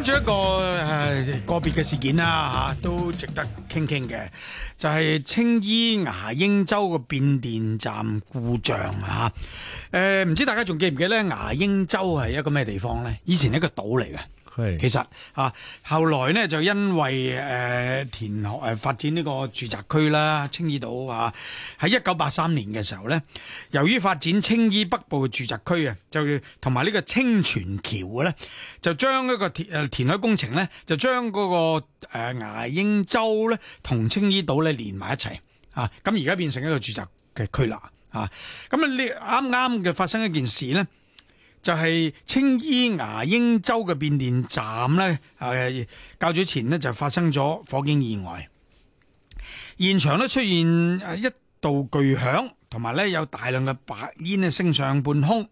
跟住一個誒個別嘅事件啦吓，都值得傾傾嘅，就係青衣牙鷹洲個變電站故障啊！誒，唔知大家仲記唔記得咧？牙鷹洲係一個咩地方咧？以前係一個島嚟嘅。其實啊，後來呢就因為誒填海誒發展呢個住宅區啦，青衣島啊，喺一九八三年嘅時候呢，由於發展青衣北部嘅住宅區啊，就同埋呢個清泉橋咧，就將一個填、呃、填海工程呢就將嗰、那個誒牙、呃、鷹洲呢同青衣島呢連埋一齊啊，咁而家變成一個住宅嘅區啦啊，咁啊呢啱啱嘅發生一件事呢就係青衣牙鷹洲嘅變電站呢係較早前呢就發生咗火警意外，現場呢出現一道巨響，同埋呢有大量嘅白煙呢升上半空，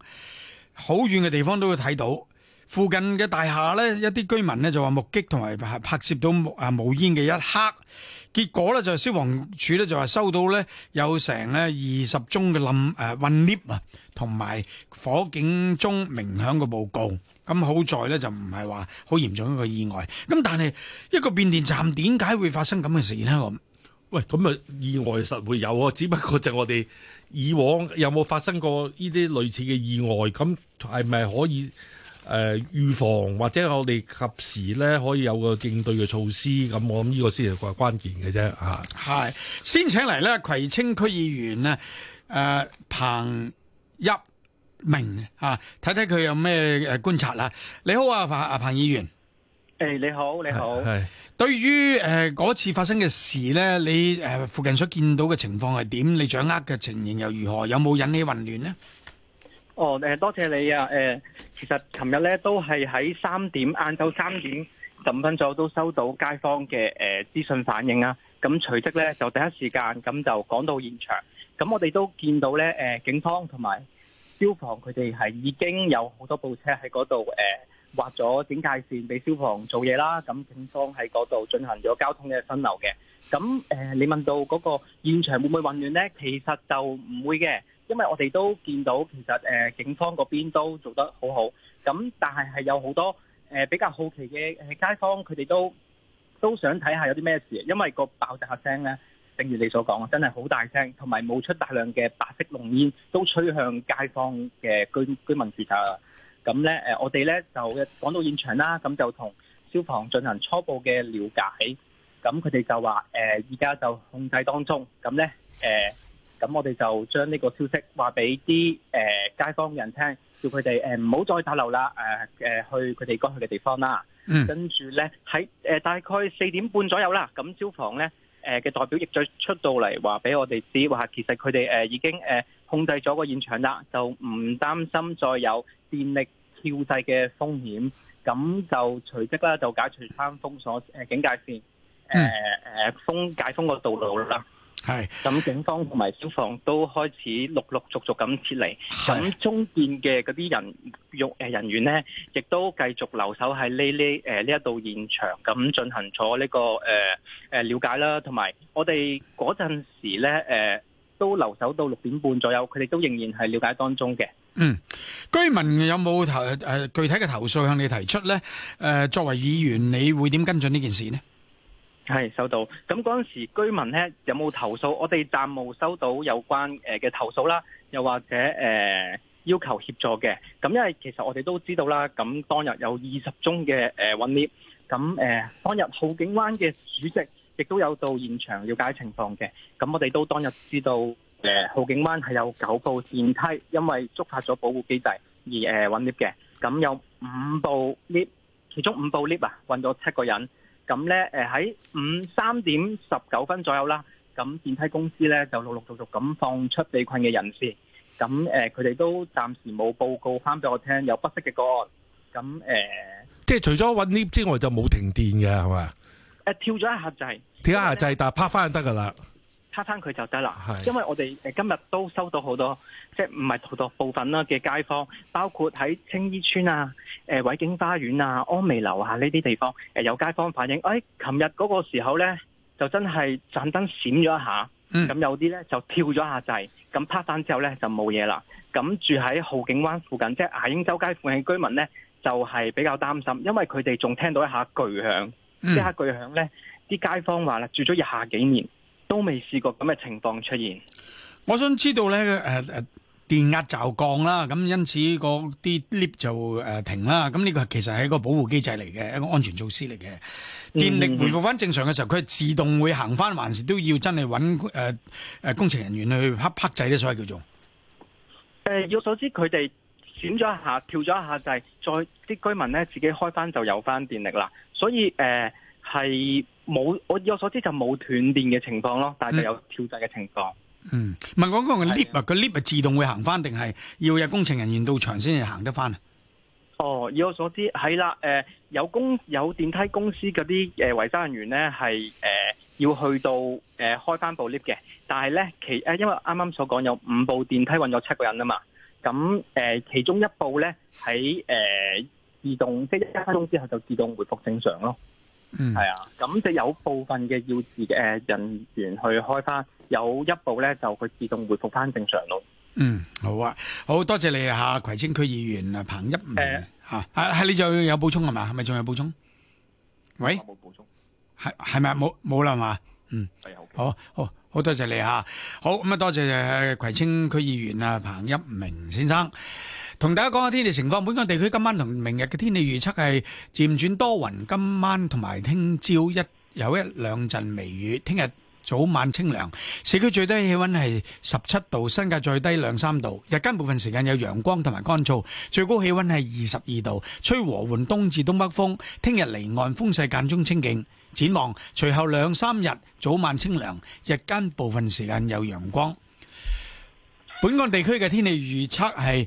好遠嘅地方都會睇到。附近嘅大廈呢，一啲居民呢就話目擊同埋拍攝到冒煙嘅一刻，結果呢就消防處呢就話收到呢有成呢二十宗嘅冧誒混 lift 啊，同埋火警鐘鳴響嘅報告。咁好在呢就唔係話好嚴重一個意外。咁但係一個變電站點解會發生咁嘅事呢？我喂咁啊，意外實會有啊，只不過就我哋以往有冇發生過呢啲類似嘅意外？咁係咪可以？誒、呃、預防或者我哋及時咧可以有個應對嘅措施，咁我諗呢個先係關關鍵嘅啫嚇。係先請嚟咧葵青區議員啊誒、呃、彭熠銘嚇，睇睇佢有咩誒觀察啦。你好啊，彭阿彭議員。誒、嗯欸、你好，你好。係對於誒嗰、呃、次發生嘅事咧，你誒、呃、附近所見到嘅情況係點？你掌握嘅情形又如何？有冇引起混亂呢？哦，誒，多謝你啊，誒、呃，其實琴日咧都係喺三點晏晝三點十五分左右都收到街坊嘅誒、呃、資訊反應啊，咁隨即咧就第一時間咁就趕到現場，咁我哋都見到咧，誒、呃，警方同埋消防佢哋係已經有好多部車喺嗰度，誒、呃，劃咗警戒線俾消防做嘢啦，咁警方喺嗰度進行咗交通嘅分流嘅，咁誒、呃，你問到嗰個現場會唔會混亂咧？其實就唔會嘅。因為我哋都見到其實誒警方嗰邊都做得好好，咁但係係有好多誒比較好奇嘅誒街坊，佢哋都都想睇下有啲咩事，因為個爆炸聲咧，正如你所講，真係好大聲，同埋冒出大量嘅白色濃煙，都吹向街坊嘅居居民住宅啦。咁咧誒，我哋咧就趕到現場啦，咁就同消防進行初步嘅了解，咁佢哋就話誒，而家就控制當中，咁咧誒。咁我哋就將呢個消息，話俾啲誒街坊人聽，叫佢哋誒唔好再打漏啦，誒、呃、誒去佢哋該去嘅地方啦。嗯、跟住咧喺誒大概四點半左右啦，咁消防咧誒嘅代表亦再出到嚟話俾我哋知，話其實佢哋誒已經誒、呃、控制咗個現場啦，就唔擔心再有電力跳掣嘅風險，咁就隨即咧就解除翻封鎖誒、呃、警戒線，誒、呃、誒封解封個道路啦。係咁，警方同埋消防都開始陸陸續續咁撤離。咁中建嘅嗰啲人用誒人員呢，亦都繼續留守喺呢呢誒呢一度現場，咁進行咗呢個誒誒瞭解啦。同埋我哋嗰陣時呢，誒都留守到六點半左右，佢哋都仍然係瞭解當中嘅。嗯，居民有冇投誒具體嘅投訴向你提出呢？誒，作為議員，你會點跟進呢件事呢？係收到，咁嗰陣時居民咧有冇投訴？我哋暫無收到有關誒嘅投訴啦，又或者誒、呃、要求協助嘅。咁因為其實我哋都知道啦，咁當日有二十宗嘅誒困 lift，咁誒當日浩景灣嘅主席亦都有到現場了解情況嘅。咁我哋都當日知道，誒、呃、浩景灣係有九部電梯因為觸發咗保護機制而誒困 lift 嘅，咁有五部 lift，其中五部 lift 啊困咗七個人。咁咧，喺五三點十九分左右啦，咁電梯公司咧就陸陸續續咁放出被困嘅人士，咁佢哋都暫時冇報告翻俾我聽有不適嘅個案，咁誒，呃、即係除咗揾 lift 之外就冇停電嘅係咪？跳咗一下掣、就係，跳一下掣、就係，但拍翻就得㗎啦。撻返佢就得啦，因為我哋今日都收到好多，即係唔係好多部分啦嘅街坊，包括喺青衣村啊、誒、呃、偉景花園啊、安美樓下呢啲地方，誒、呃、有街坊反映，誒琴日嗰個時候呢，就真係盞燈閃咗一下，咁有啲呢就跳咗下掣，咁撻返之後呢就冇嘢啦。咁住喺浩景灣附近，即係牙鷹洲街附近嘅居民呢，就係、是、比較擔心，因為佢哋仲聽到一下巨響，即下巨響呢，啲街坊話啦，住咗廿幾年，都未試過咁嘅情況出現。我想知道咧，誒、呃、誒，電壓驟降啦，咁因此嗰啲 lift 就誒停啦。咁、這、呢個其實係一個保護機制嚟嘅，一個安全措施嚟嘅。電力回復翻正常嘅時候，佢係自動會行翻，還是都要真係揾誒誒工程人員去黑黑制咧，所以叫做。誒，要所知，佢哋轉咗一下，跳咗一下、就是，就係再啲居民咧自己開翻就有翻電力啦。所以誒係。呃是冇，以我所知就冇斷電嘅情況咯，但係就有跳掣嘅情況嗯。嗯，問我嗰個 lift 啊，的個 lift 係自動會行翻定係要有工程人員到場先至行得翻啊？哦，以我所知係啦，有公有電梯公司嗰啲誒維修人員咧係、呃、要去到誒、呃、開翻部 lift 嘅，但係咧其因為啱啱所講有五部電梯困咗七個人啊嘛，咁、呃、其中一部咧喺、呃、自動即係一分鐘之後就自動回復正常咯。嗯，係啊，咁即係有部分嘅要職嘅人員去開翻，有一部咧就佢自動回復翻正常咯。嗯，好啊，好多謝你啊，葵青區議員彭熠銘，吓、啊啊、你就有補充係嘛？係咪仲有補充？喂，冇補充，係係咪冇冇啦嘛？嗯，好，好好好多謝你吓，好咁啊，多謝葵青區議員啊彭熠銘先生。同大家講下天氣情況。本港地區今晚同明日嘅天氣預測係漸轉多雲，今晚同埋聽朝一有一兩陣微雨，聽日早晚清涼。市區最低氣溫係十七度，新界最低兩三度。日間部分時間有陽光同埋乾燥，最高氣溫係二十二度，吹和緩東至東北風。聽日離岸風勢間中清勁。展望隨後兩三日早晚清涼，日間部分時間有陽光。本港地區嘅天氣預測係。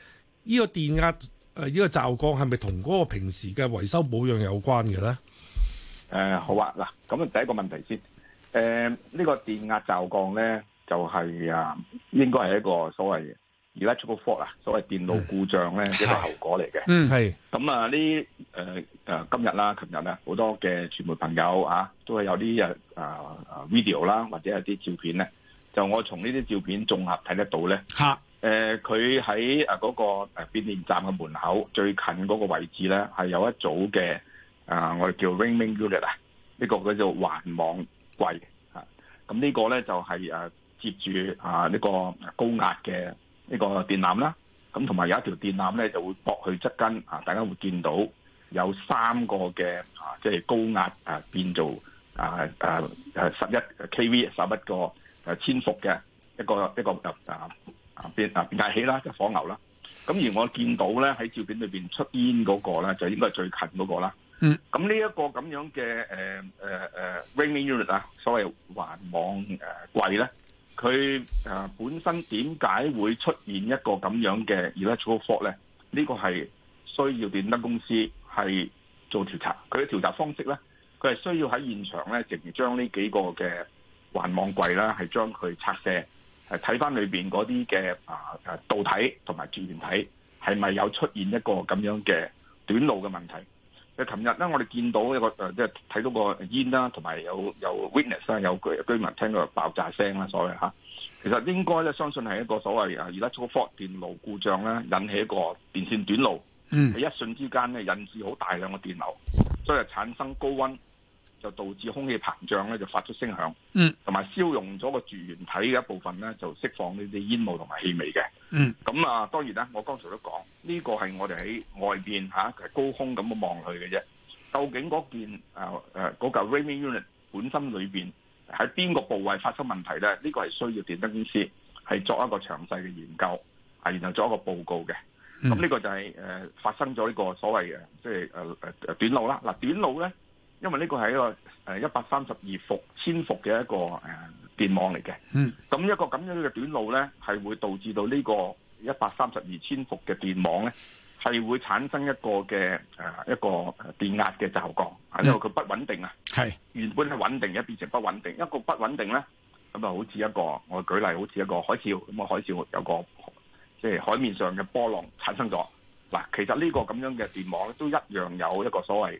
呢個電壓誒，呢、這個驟降係咪同嗰個平時嘅維修保養有關嘅咧？誒、呃，好啊，嗱，咁啊，第一個問題先。誒、呃，呢、這個電壓驟降咧，就係、是、啊，應該係一個所謂而家出個 fault 啊，所謂電路故障咧一個後果嚟嘅。嗯，係。咁啊，呢誒誒，今日啦，琴日咧，好多嘅傳媒朋友啊，都係有啲誒啊 video 啦，或者有啲照片咧，就我從呢啲照片綜合睇得到咧。吓！誒佢喺誒嗰個誒變電站嘅門口最近嗰個位置咧，係有一組嘅誒啊，我哋叫 ring main unit 啊，呢個叫做環網櫃啊。咁呢個咧就係誒接住啊呢個高壓嘅呢個電纜啦。咁同埋有一條電纜咧就會駁去側根啊，大家會見到有三個嘅啊，即係高壓啊變做啊啊啊十一 KV 十一個誒千伏嘅一個一個入下邊啊變壓器、啊、啦，即係火牛啦。咁而我見到咧喺照片裏邊出煙嗰個咧，就應該係最近嗰個啦。嗯。咁呢一個咁樣嘅誒誒、uh, 誒、uh, uh, ring main unit 啊，所謂環網誒櫃咧，佢啊本身點解會出現一個咁樣嘅 electrical fault 咧？呢、呢個係需要電燈公司係做調查。佢嘅調查方式咧，佢係需要喺現場咧，直情將呢幾個嘅環網櫃啦，係將佢拆卸。誒睇翻裏邊嗰啲嘅啊誒導體同埋絕緣體係咪有出現一個咁樣嘅短路嘅問題？誒，琴日咧我哋見到一個誒，即係睇到個煙啦，同埋有有 Witness 啊，有居居民聽到爆炸聲啦，所以嚇，其實應該咧相信係一個所謂啊，而家出觸發電路故障啦，引起一個電線短路，喺、嗯、一瞬之間咧引致好大量嘅電流，所以產生高溫。就導致空氣膨脹咧，就發出聲響，嗯，同埋燒溶咗個絕緣體嘅一部分咧，就釋放呢啲煙霧同埋氣味嘅，嗯，咁啊，當然啦，我剛才都講，呢、這個係我哋喺外邊嚇、啊、高空咁樣望佢嘅啫。究竟嗰件誒誒、啊、嗰架、那個、Ring Main Unit 本身裏邊喺邊個部位發生問題咧？呢、這個係需要電燈公司係作一個詳細嘅研究，啊，然後作一個報告嘅。咁呢、mm. 個就係、是、誒、啊、發生咗呢個所謂嘅即係誒誒短路啦。嗱、啊啊，短路咧。啊因為呢個係一個誒一百三十二伏千伏嘅一個誒電網嚟嘅，咁一個咁樣嘅短路咧，係會導致到呢個一百三十二千伏嘅電網咧，係會產生一個嘅誒一個電壓嘅驟降，因為佢不穩定啊。係是原本係穩定，一變成不穩定，一個不穩定咧，咁啊好似一個，我舉例好似一個海嘯，咁啊海嘯有個即係海面上嘅波浪產生咗。嗱，其實呢個咁樣嘅電網都一樣有一個所謂。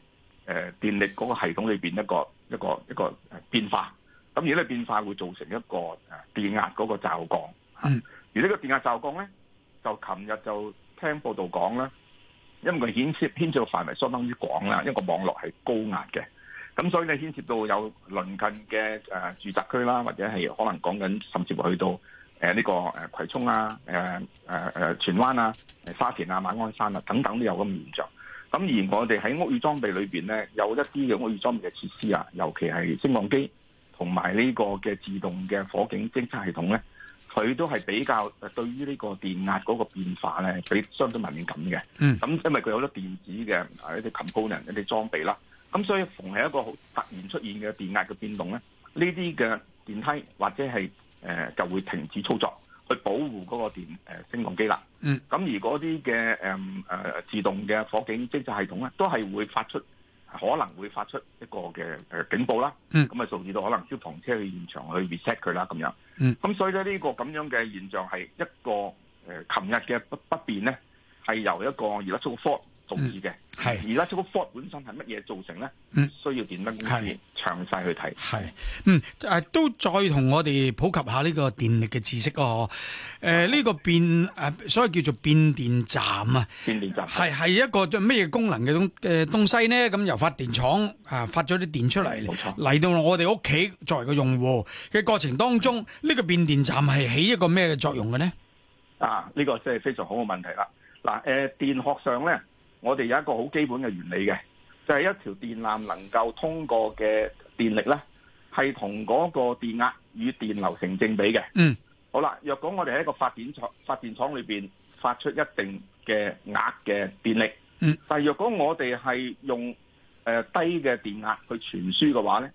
誒電力嗰個系統裏面一個一個一個誒變化，咁而呢變化會造成一個電壓嗰個驟降。嗯的，而呢個電壓驟降咧，就琴日就聽報道講啦，因為佢牽涉牽涉嘅範圍相當於廣啦，一個網絡係高壓嘅，咁所以咧牽涉到有鄰近嘅、呃、住宅區啦，或者係可能講緊甚至去到呢、呃呢個葵涌啊、誒誒誒荃灣啊、誒沙田啊、馬鞍山啊等等都有咁嘅現象。咁而我哋喺屋宇裝備裏面咧，有一啲嘅屋宇裝備嘅設施啊，尤其係升降機同埋呢個嘅自動嘅火警偵測系統咧，佢都係比較誒對於呢個電壓嗰個變化咧，比相對敏感嘅。嗯。咁因為佢有好多電子嘅一啲 component、一啲裝備啦，咁所以逢係一個好突然出現嘅電壓嘅變動咧，呢啲嘅電梯或者係誒就會停止操作。去保護嗰個電誒、呃、升降機啦，咁、嗯、而嗰啲嘅誒誒自動嘅火警偵察系統咧，都係會發出可能會發出一個嘅誒、呃、警報啦，咁啊導致到可能消防車去現場去 reset 佢啦，咁樣，咁、嗯嗯、所以咧呢個咁樣嘅現象係一個誒琴日嘅不不便咧，係、呃、由一個而家。中心。導致嘅係，而家出個 fall 本身係乜嘢造成咧？需要電燈公司詳細去睇。係，嗯，誒、嗯、都再同我哋普及下呢個電力嘅知識咯。誒、呃，呢、這個變誒，所謂叫做變電站啊。變電站係係一個咩嘢功能嘅東誒東西咧？咁由發電廠啊發咗啲電出嚟，嚟錯到我哋屋企作為個用戶嘅過程當中，呢、這個變電站係起一個咩嘅作用嘅咧、啊這個？啊，呃、呢個真係非常好嘅問題啦！嗱，誒電學上咧。我哋有一個好基本嘅原理嘅，就係、是、一條電纜能夠通過嘅電力呢，係同嗰個電壓與電流成正比嘅。嗯，好啦，若果我哋喺一個發電廠發電廠裏邊發出一定嘅額嘅電力，嗯，但係若果我哋係用低嘅電壓去傳輸嘅話呢，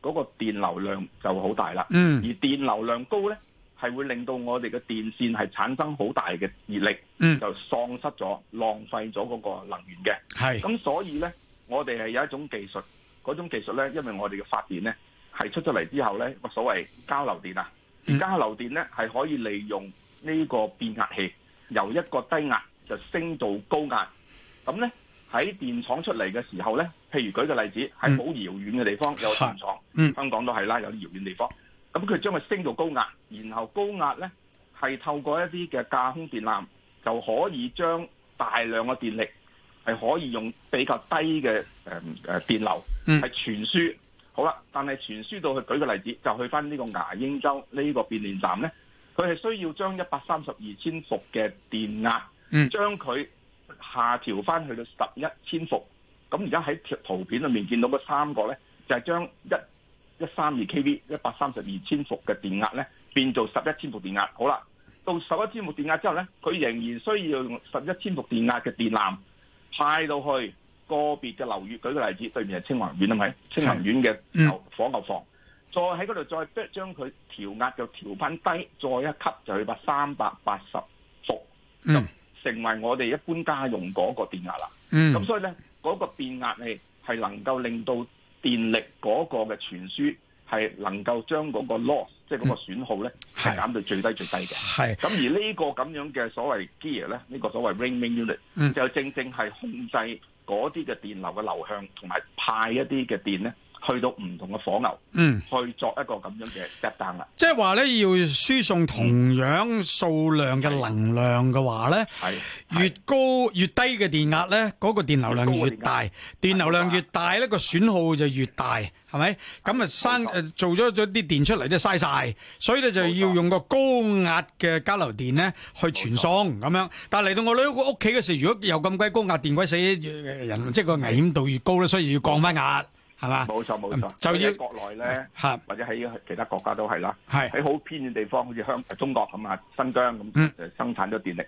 嗰、那個電流量就好大啦。嗯，而電流量高呢，係會令到我哋嘅電線係產生好大嘅熱力，嗯，就喪失咗，浪費咗嗰個能源嘅，係是。咁所以咧，我哋係有一種技術，嗰種技術咧，因為我哋嘅發電咧係出咗嚟之後咧，個所謂交流電啊，而交流電咧係可以利用呢個變壓器由一個低壓就升到高壓，咁咧喺電廠出嚟嘅時候咧，譬如舉個例子係好遙遠嘅地方有電廠，是香港都係啦，有啲遙遠嘅地方。咁佢將佢升到高壓，然後高壓呢係透過一啲嘅架空電纜，就可以將大量嘅電力係可以用比較低嘅誒、呃、電流，係傳輸。好啦，但係傳輸到去，舉個例子，就去翻呢個牙鷹洲呢個變電站呢，佢係需要將一百三十二千伏嘅電壓，將佢、嗯、下調翻去到十一千伏。咁而家喺圖片裏面見到嗰三個呢，就係、是、將一。一三二 kV 一百三十二千伏嘅電壓咧，變做十一千伏電壓，好啦，到十一千伏電壓之後咧，佢仍然需要用十一千伏電壓嘅電纜派到去個別嘅樓宇，舉個例子，對面係青華苑啊，咪青華苑嘅樓火牛房，再喺嗰度再將佢調壓，就調翻低，再一級就去到三百八十伏，咁、嗯、成為我哋一般家用嗰個電壓啦。咁、嗯、所以咧，嗰、那個變壓器係能夠令到。電力嗰個嘅傳輸係能夠將嗰個 loss，即係嗰個損耗咧，係、嗯、減到最低最低嘅。咁係而呢個咁樣嘅所謂 gear 咧，呢、呢個所謂 ring main unit，就正正係控制嗰啲嘅電流嘅流向，同埋派一啲嘅電咧。去到唔同嘅火牛，嗯，去作一個咁樣嘅一單啦。即係話咧，要輸送同樣數量嘅能量嘅話咧，係越高越低嘅電壓咧，嗰個電流量越大，電流量越大咧，個損耗就越大，係咪？咁啊，生誒做咗咗啲電出嚟都嘥晒，所以咧就要用個高壓嘅交流電咧去傳送咁樣。但係嚟到我女屋企嘅時，如果有咁鬼高壓電鬼死人，即係個危險度越高咧，所以要降翻壓。係嘛？冇錯冇錯，錯錯就要喺國內咧，的或者喺其他國家都係啦。係喺好偏遠地方，好似香中國咁啊，新疆咁誒生產咗電力，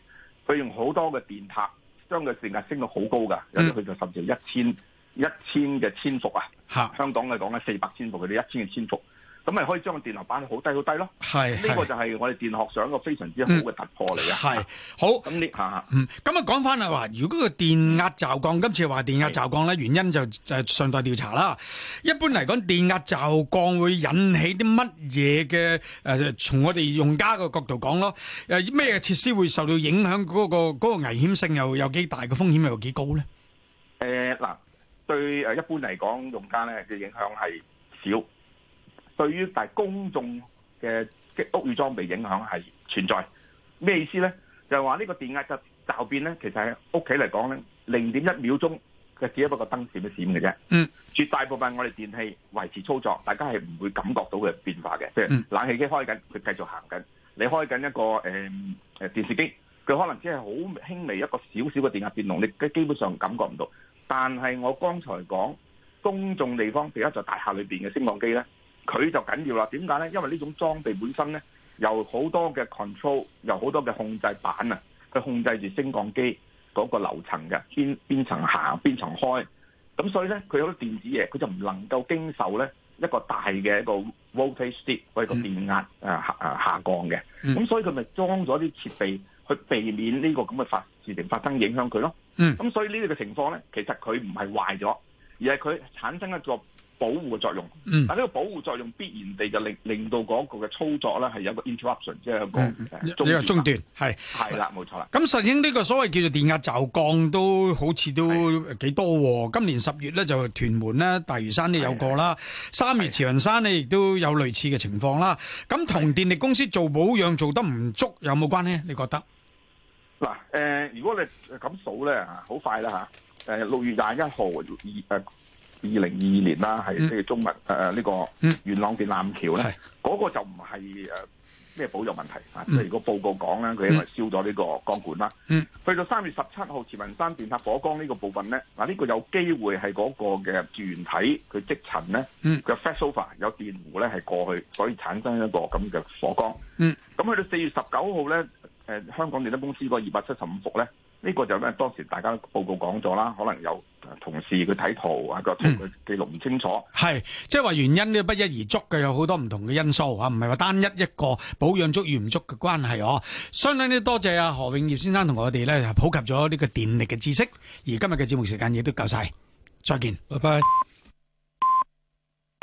佢、嗯、用好多嘅電塔將個電壓升到好高㗎，有啲去到甚至係一千一千嘅千伏啊！是的香港係講緊四百千伏，佢哋一千嘅千伏。咁咪可以將個電流板好低好低咯，係呢個就係我哋電學上一個非常之好嘅突破嚟係好咁呢嚇，嗯，咁啊講翻啊話，如果個電壓驟降，今次話電壓驟降咧，原因就尚待調查啦。一般嚟講，電壓驟降會引起啲乜嘢嘅？從我哋用家個角度講咯，咩、呃、設施會受到影響？嗰、嗰個嗰、嗰個、危險性又有幾大？嘅風險又有幾高咧？嗱、呃，對一般嚟講，用家咧嘅影響係少。對於大公眾嘅屋宇裝備影響係存在，咩意思咧？就係話呢個電壓嘅驟變咧，其實喺屋企嚟講咧，零點一秒鐘嘅只不過個燈閃一閃嘅啫。嗯，絕大部分我哋電器維持操作，大家係唔會感覺到嘅變化嘅。即係、嗯、冷氣機開緊，佢繼續行緊；你開緊一個誒誒、呃、電視機，佢可能只係好輕微一個少少嘅電壓變動，你基本上感覺唔到。但係我剛才講公眾地方，譬如一座大廈裏邊嘅升降機咧。佢就緊要啦，點解咧？因為呢種裝備本身咧，有好多嘅 control，有好多嘅控制板啊，去控制住升降機嗰個樓層嘅邊邊層行邊層開。咁所以咧，佢有啲電子嘢，佢就唔能夠經受咧一個大嘅一個 Voltage dip，或係個電壓、嗯、啊啊下降嘅。咁、嗯、所以佢咪裝咗啲設備去避免呢個咁嘅發事情發生影響佢咯。咁、嗯、所以呢個嘅情況咧，其實佢唔係壞咗，而係佢產生一個。保護嘅作用，但呢個保護作用必然地就令令到嗰個嘅操作咧係有個 interruption，即係一個中斷。係係啦，冇是的錯啦。咁實應呢個所謂叫做電壓驟降，降都好似都幾的多。今年十月咧就屯門咧大嶼山都有個啦，的三月慈雲山咧亦都有類似嘅情況啦。咁的同電力公司做保養做得唔足有冇關呢？你覺得？嗱，誒，如果你咁數咧，好快啦吓，誒、呃，六月廿一號誒。呃二零二二年啦，係譬如中電誒呢個元朗電纜橋咧，嗰、嗯、個就唔係誒咩保養問題啊。即係個報告講咧，佢因為燒咗呢個鋼管啦，嗯嗯、去到三月十七號，慈雲山電塔火光呢個部分咧，嗱、啊、呢、這個有機會係嗰個嘅絕緣體佢積塵咧，個、嗯、flashover 有電弧咧係過去，所以產生一個咁嘅火光。咁、嗯、去到四月十九號咧，誒、呃、香港電燈公司個二百七十五伏咧。呢個就咩？當時大家報告講咗啦，可能有同事佢睇圖啊，個同佢記錄唔清楚。係、嗯，即係話原因呢，不一而足嘅，有好多唔同嘅因素啊，唔係話單一一個保養足與唔足嘅關係哦、啊。相當多我呢，多謝啊何永業先生同我哋咧普及咗呢個電力嘅知識，而今日嘅節目時間亦都夠晒，再見，拜拜。